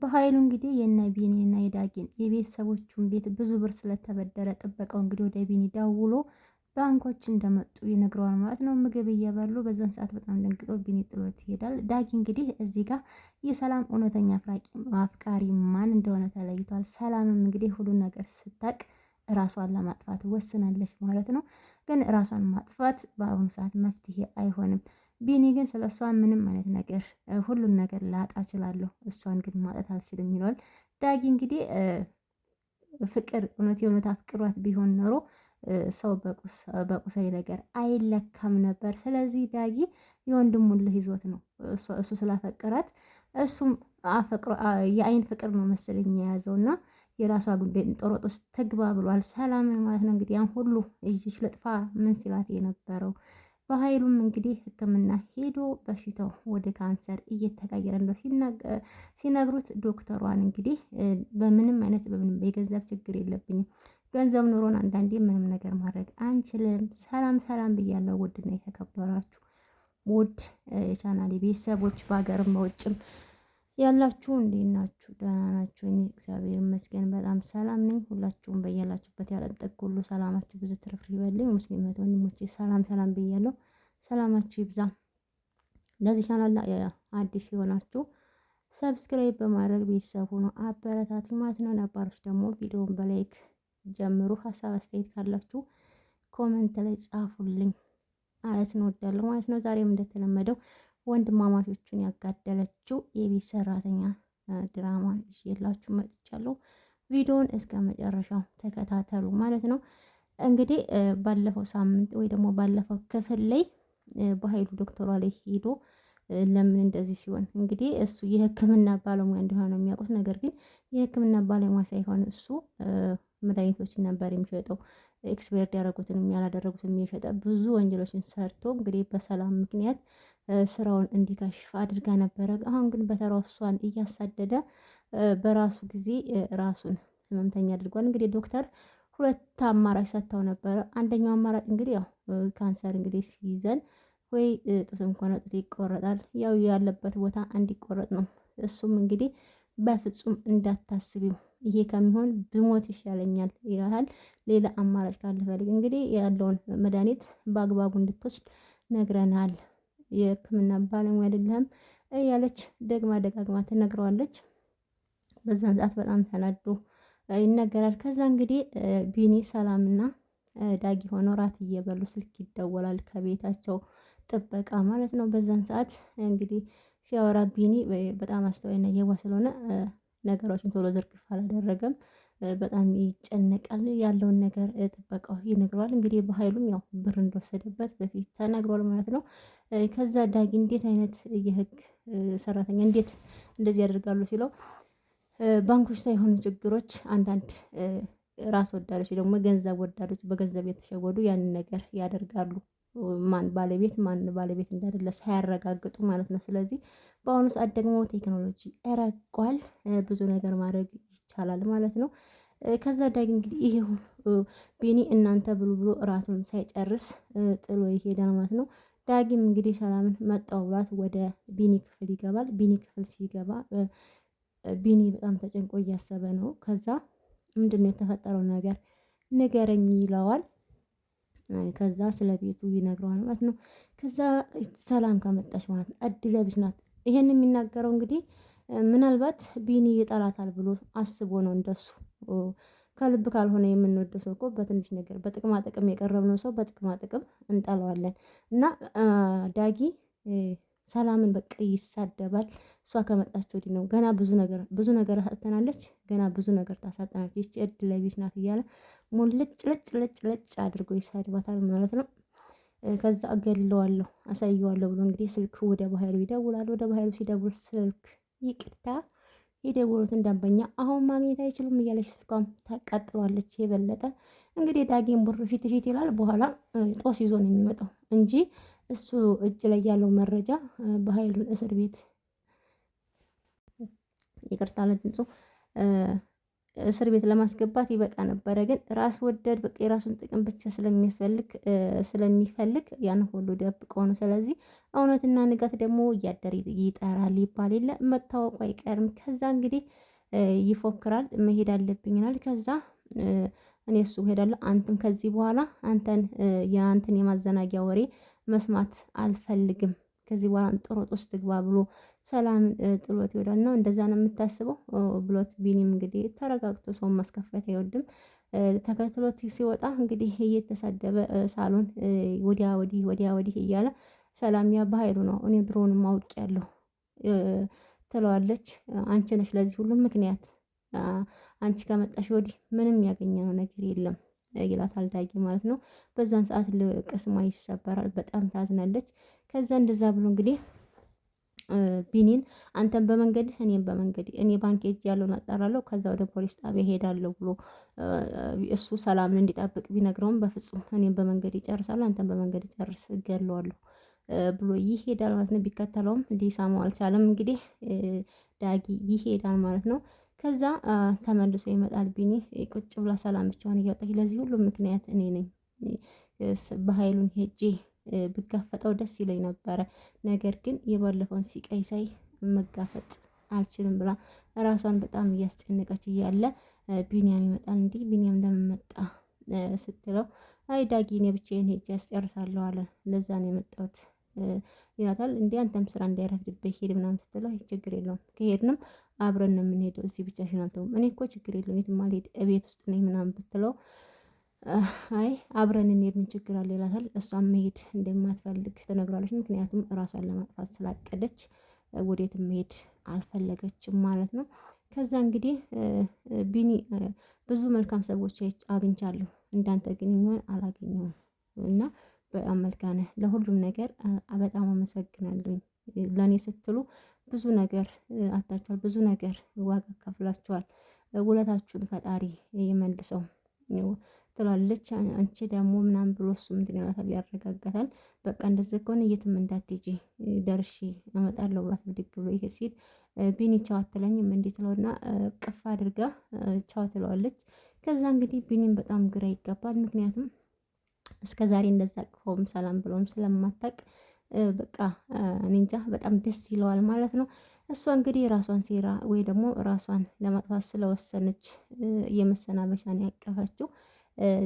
በኃይሉ እንግዲህ የነ ቢኒ እና የዳጊን የቤተሰቦቹን ቤት ብዙ ብር ስለተበደረ ጥበቃው እንግዲህ ወደ ቢኒ ደውሎ ባንኮች እንደመጡ ይነግረዋል ማለት ነው። ምግብ እየበሉ በዛን ሰዓት በጣም ደንግጦ ቢኒ ጥሎት ይሄዳል። ዳጊ እንግዲህ እዚህ ጋር የሰላም እውነተኛ አፍቃሪ ማን እንደሆነ ተለይቷል። ሰላምም እንግዲህ ሁሉ ነገር ስታቅ ራሷን ለማጥፋት ወስናለች ማለት ነው። ግን ራሷን ማጥፋት በአሁኑ ሰዓት መፍትሄ አይሆንም። ቢኒ ግን ስለ እሷ ምንም አይነት ነገር ሁሉን ነገር ላጣ እችላለሁ፣ እሷን ግን ማጣት አልችልም ይለዋል። ዳጊ እንግዲህ ፍቅር እውነት የእውነት አፍቅሯት ቢሆን ኖሮ ሰው በቁሳዊ ነገር አይለካም ነበር። ስለዚህ ዳጊ የወንድሙን ልህ ይዞት ነው እሱ ስላፈቀራት እሱም የአይን ፍቅር ነው መሰለኝ የያዘው እና የራሷ ጉዳይ ጦሮጥ ውስጥ ትግባ ብሏል። ሰላምን ማለት ነው እንግዲህ ያን ሁሉ እጅሽ ልጥፋ ምን ሲላት የነበረው በኃይሉም እንግዲህ ሕክምና ሄዶ በሽታው ወደ ካንሰር እየተቀየረ እንደው ሲነግሩት ዶክተሯን እንግዲህ በምንም አይነት በምንም የገንዘብ ችግር የለብኝም ገንዘብ ኑሮን አንዳንዴ ምንም ነገር ማድረግ አንችልም። ሰላም ሰላም ብያለው። ውድና የተከበራችሁ ውድ የቻናሌ ቤተሰቦች በሀገርም በውጭም ያላችሁ እንዴት ናችሁ? ደህና ናችሁ? እኔ እግዚአብሔር ይመስገን በጣም ሰላም ነኝ። ሁላችሁም በያላችሁበት ያጠጠቅ ሁሉ ሰላማችሁ ብዙ ትርፍ ይበልኝ። ሙስሊም ወንድሞቼ ሰላም ሰላም ብያለሁ። ሰላማችሁ ይብዛ። ለዚህ ቻናል አዲስ የሆናችሁ ሰብስክራይብ በማድረግ ቤተሰብ ሆኖ አበረታቱ ማለት ነው። ነባሮች ደግሞ ቪዲዮውን በላይክ ጀምሩ። ሀሳብ አስተያየት ካላችሁ ኮመንት ላይ ጻፉልኝ ማለት ነው። ወዳለሁ ማለት ነው። ዛሬም እንደተለመደው ወንድማማቾቹን ያጋደለችው የቤት ሰራተኛ ድራማ ይዤላችሁ መጥቻለሁ። ቪዲዮውን እስከ መጨረሻው ተከታተሉ ማለት ነው። እንግዲህ ባለፈው ሳምንት ወይ ደግሞ ባለፈው ክፍል ላይ በሀይሉ ዶክተሯ ላይ ሄዶ ለምን እንደዚህ ሲሆን እንግዲህ እሱ የህክምና ባለሙያ እንደሆነ ነው የሚያውቁት። ነገር ግን የህክምና ባለሙያ ሳይሆን እሱ መድኃኒቶችን ነበር የሚሸጠው። ኤክስፓየርድ ያደረጉትንም ያላደረጉትንም እየሸጠ ብዙ ወንጀሎችን ሰርቶ እንግዲህ በሰላም ምክንያት ስራውን እንዲከሽፍ አድርጋ ነበረ። አሁን ግን በተራው እሷን እያሳደደ በራሱ ጊዜ ራሱን ህመምተኛ አድርጓል። እንግዲህ ዶክተር ሁለት አማራጭ ሰጥተው ነበረ። አንደኛው አማራጭ እንግዲህ ያው ካንሰር እንግዲህ ሲይዘን ወይ ጡትም ከሆነ ጡት ይቆረጣል። ያው ያለበት ቦታ እንዲቆረጥ ነው። እሱም እንግዲህ በፍጹም እንዳታስቢው ይሄ ከሚሆን ብሞት ይሻለኛል ይላል። ሌላ አማራጭ ካለፈልግ እንግዲህ ያለውን መድኃኒት በአግባቡ እንድትወስድ ነግረናል። የሕክምና ባለሙያ አይደለህም እያለች ደግማ ደጋግማ ትነግረዋለች። በዛን ሰዓት በጣም ተናዶ ይነገራል። ከዛ እንግዲህ ቢኒ ሰላምና ዳጊ ሆኖ ራት እየበሉ ስልክ ይደወላል ከቤታቸው ጥበቃ ማለት ነው። በዛን ሰዓት እንግዲህ ሲያወራ ቢኒ በጣም አስተዋይና የዋህ ስለሆነ ነገሮችን ቶሎ ዝርግፍ አላደረገም። በጣም ይጨነቃል ያለውን ነገር ጥበቃው ይነግረዋል። እንግዲህ በሀይሉም ያው ብር እንደወሰደበት በፊት ተናግሯል ማለት ነው። ከዛ ዳጊ እንዴት አይነት የህግ ሰራተኛ እንዴት እንደዚህ ያደርጋሉ ሲለው ባንኮች ሳይሆኑ ችግሮች አንዳንድ ራስ ወዳዶች ደግሞ ገንዘብ ወዳዶች በገንዘብ የተሸወዱ ያንን ነገር ያደርጋሉ። ማን ባለቤት ማን ባለቤት እንደሌለ ሳያረጋግጡ ማለት ነው። ስለዚህ በአሁኑ ሰዓት ደግሞ ቴክኖሎጂ ረቋል፣ ብዙ ነገር ማድረግ ይቻላል ማለት ነው። ከዛ ዳግ እንግዲህ ይሄ ቢኒ እናንተ ብሎ ብሎ እራቱን ሳይጨርስ ጥሎ ይሄዳል ማለት ነው። ዳግም እንግዲህ ሰላምን መጣው ብሏት ወደ ቢኒ ክፍል ይገባል። ቢኒ ክፍል ሲገባ ቢኒ በጣም ተጨንቆ እያሰበ ነው ከዛ ምንድነው የተፈጠረው ነገር ንገረኝ ይለዋል። ከዛ ስለ ቤቱ ይነግረዋል ማለት ነው። ከዛ ሰላም ከመጣች ማለት ነው እድለቢስ ናት። ይሄን የሚናገረው እንግዲህ ምናልባት ቢኒ ይጠላታል ብሎ አስቦ ነው እንደሱ ከልብ ካልሆነ የምንወደው ሰው እኮ በትንሽ ነገር በጥቅማ ጥቅም የቀረብነው ሰው በጥቅማ ጥቅም እንጠላዋለን። እና ዳጊ ሰላምን በቃ ይሳደባል። እሷ ከመጣች ወዲህ ነው ገና ብዙ ነገር ብዙ ነገር አሳጥተናለች፣ ገና ብዙ ነገር ታሳጥናለች፣ ይቺ ለቤት ናት እያለ ሙልጭ ልጭ ልጭ ልጭ አድርጎ ይሳድባታል ማለት ነው። ከዛ እገለዋለሁ አሳየዋለሁ ብሎ እንግዲህ ስልክ ወደ ባህሉ ይደውላል። ወደ ባህሉ ሲደውል ስልክ ይቅርታ የደወሉትን ደንበኛ አሁን ማግኘት አይችሉም እያለች ስልኳም ታቃጥሏለች። የበለጠ እንግዲህ ዳጌን ቡር ፊት ፊት ይላል። በኋላ ጦስ ይዞ ነው የሚመጣው እንጂ እሱ እጅ ላይ ያለው መረጃ በሀይሉ እስር ቤት ይቅርታ ለድምፁ እስር ቤት ለማስገባት ይበቃ ነበረ። ግን ራስ ወደድ በቃ የራሱን ጥቅም ብቻ ስለሚያስፈልግ ስለሚፈልግ ያን ሁሉ ደብቆ ነው። ስለዚህ እውነትና ንጋት ደግሞ እያደር ይጠራል ይባል የለ መታወቁ አይቀርም። ከዛ እንግዲህ ይፎክራል። መሄድ አለብኝናል። ከዛ እኔ እሱ ሄዳለሁ፣ አንተም ከዚህ በኋላ አንተን የአንተን የማዘናጊያ ወሬ መስማት አልፈልግም ከዚህ በኋላ ጦርነት ውስጥ ትግባ ብሎ ሰላም ጥሎት ይወዳል ነው እንደዛ ነው የምታስበው ብሎት ቢኒም እንግዲህ ተረጋግቶ ሰውን ማስከፈት አይወድም። ተከትሎት ሲወጣ እንግዲህ እየተሳደበ ሳሎን ወዲያ ወዲህ ወዲያ ወዲህ እያለ ሰላም ያ በሀይሉ ነው እኔ ድሮን ድሮውንም ያለሁ ትለዋለች። አንቺ ነሽ ለዚህ ሁሉም ምክንያት አንቺ ከመጣሽ ወዲህ ምንም ያገኘነው ነገር የለም ይላታል ዳጊ ማለት ነው። በዛን ሰዓት ቅስሟ ይሰበራል። በጣም ታዝናለች። ከዛ እንደዛ ብሎ እንግዲህ ቢኒን አንተን በመንገድ እኔም በመንገድ እኔ ባንክ ሄጄ ያለውን አጣራለሁ፣ ከዛ ወደ ፖሊስ ጣቢያ ሄዳለሁ ብሎ እሱ ሰላምን እንዲጠብቅ ቢነግረውም በፍጹም እኔም በመንገድ ይጨርሳለሁ፣ አንተን በመንገድ ይጨርስ እገለዋለሁ ብሎ ይሄዳል ማለት ነው። ቢከተለውም ሊሰማው አልቻለም። እንግዲህ ዳጊ ይሄዳል ማለት ነው። ከዛ ተመልሶ ይመጣል። ቢኒ ቁጭ ብላ ሰላም ብቻዋን እያወጣች ለዚህ ሁሉ ምክንያት እኔ ነኝ፣ በሀይሉን ሄጄ ብጋፈጠው ደስ ይለኝ ነበረ፣ ነገር ግን የባለፈውን ሲቀይ ሳይ መጋፈጥ አልችልም ብላ ራሷን በጣም እያስጨነቀች እያለ ቢኒያም ይመጣል። እንዲህ ቢኒያም እንደምመጣ ስትለው አይ ዳጊ፣ እኔ ብቻዬን ሄጄ ያስጨርሳለሁ አለ። ለዛ ነው የመጣሁት ይላታል። እንዲ አንተም ስራ እንዳይረፍድብህ ሄድ ምናምን ስትለው ችግር የለውም ከሄድንም አብረን ነው የምንሄደው፣ እዚህ ብቻሽን አልተውም። እኔ እኮ ችግር የለውም የትም አልሄድም እቤት ውስጥ ነኝ ምናምን ብትለው አይ አብረን እንሄድ ምን ችግር አለ ይላታል። እሷም መሄድ እንደማትፈልግ ትነግራለች። ምክንያቱም እራሷን ለማጥፋት ስላቀደች ወዴትም መሄድ አልፈለገችም ማለት ነው። ከዛ እንግዲህ ቢኒ ብዙ መልካም ሰዎች አግኝቻለሁ፣ እንዳንተ ግን የሚሆን አላገኘሁም እና በጣም መልካም ለሁሉም ነገር በጣም አመሰግናለሁኝ። ለእኔ ስትሉ ብዙ ነገር አጥታችኋል፣ ብዙ ነገር ዋጋ ከፍላችኋል። ውለታችሁን ፈጣሪ ይመልሰው ትላለች። አንቺ ደግሞ ምናምን ብሎ እሱ ምንድን ይላታል፣ ያረጋጋታል። በቃ እንደዚህ ከሆነ የትም እንዳትሄጂ ደርሼ እመጣለሁ ብላት ብድግ ብሎ ይሄ ሲል ቢኒ ቻው አትለኝም እንዲህ ትለውና ቅፍ አድርጋ ቻው ትለዋለች። ከዛ እንግዲህ ቢኒን በጣም ግራ ይገባል። ምክንያቱም እስከ ዛሬ እንደዛ አቅፎም ሰላም ብሎም ስለማታቅ በቃ እንጃ በጣም ደስ ይለዋል ማለት ነው። እሷ እንግዲህ ራሷን ሴራ ወይ ደግሞ ራሷን ለማጥፋት ስለወሰነች የመሰናበቻ ያቀፈችው።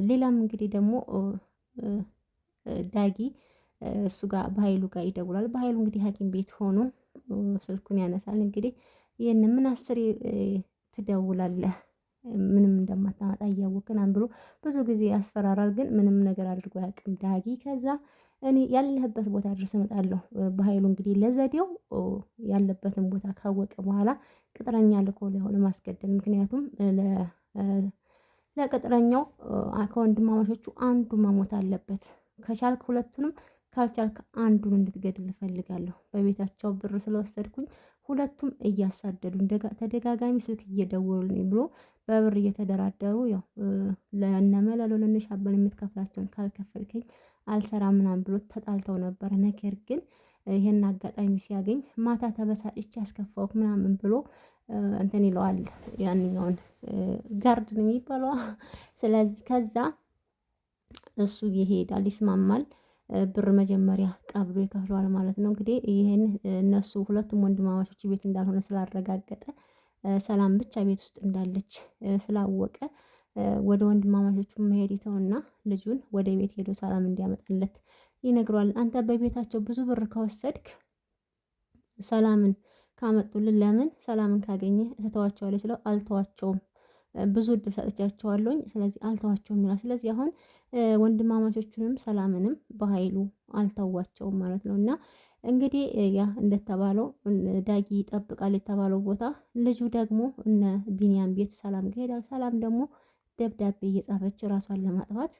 ሌላም እንግዲህ ደግሞ ዳጊ እሱ ጋር በሀይሉ ጋር ይደውላል። በሀይሉ እንግዲህ ሐኪም ቤት ሆኖ ስልኩን ያነሳል። እንግዲህ ይህን ምን አስር ትደውላለህ ምንም እንደማታመጣ እያወቅን ብሎ ብዙ ጊዜ ያስፈራራል፣ ግን ምንም ነገር አድርጎ ያቅም ዳጊ። ከዛ እኔ ያለህበት ቦታ ድረስ እመጣለሁ። በኃይሉ እንግዲህ ለዘዴው ያለበትን ቦታ ካወቀ በኋላ ቅጥረኛ ልኮ ማስገደል ምክንያቱም ለቅጥረኛው ከወንድማማቾቹ አንዱ መሞት አለበት። ከቻልክ ሁለቱንም ካልቻልክ አንዱን እንድትገድል እፈልጋለሁ። በቤታቸው ብር ስለወሰድኩኝ ሁለቱም እያሳደዱ ተደጋጋሚ ስልክ እየደወሉ ነው ብሎ በብር እየተደራደሩ ያው ለነመለሎ ለነሻበን የምትከፍላቸውን ካልከፈልከኝ አልሰራ ምናምን ብሎ ተጣልተው ነበር። ነገር ግን ይህን አጋጣሚ ሲያገኝ ማታ ተበሳጭች ያስከፋውክ ምናምን ብሎ እንትን ይለዋል ያንኛውን ጋርድ ነው የሚባለው። ስለዚህ ከዛ እሱ ይሄዳል፣ ይስማማል። ብር መጀመሪያ ቀብሎ ይከፍለዋል ማለት ነው። እንግዲህ ይህን እነሱ ሁለቱም ወንድማማቾች ቤት እንዳልሆነ ስላረጋገጠ ሰላም ብቻ ቤት ውስጥ እንዳለች ስላወቀ ወደ ወንድማማቾቹ መሄድ ይተውና ልጁን ወደ ቤት ሄዶ ሰላም እንዲያመጣለት ይነግረዋል። አንተ በቤታቸው ብዙ ብር ከወሰድክ ሰላምን ካመጡልን ለምን ሰላምን ካገኘ እተዋቸዋለሁ ሲለው አልተዋቸውም ብዙ እድል ሰጥቻቸዋለሁኝ። ስለዚህ አልተዋቸውም ይላል። ስለዚህ አሁን ወንድማማቾቹንም ሰላምንም በኃይሉ አልተዋቸውም ማለት ነው። እና እንግዲህ ያ እንደተባለው ዳጊ ይጠብቃል የተባለው ቦታ ልጁ ደግሞ እነ ቢንያም ቤት ሰላም ይሄዳል። ሰላም ደግሞ ደብዳቤ እየጻፈች ራሷን ለማጥፋት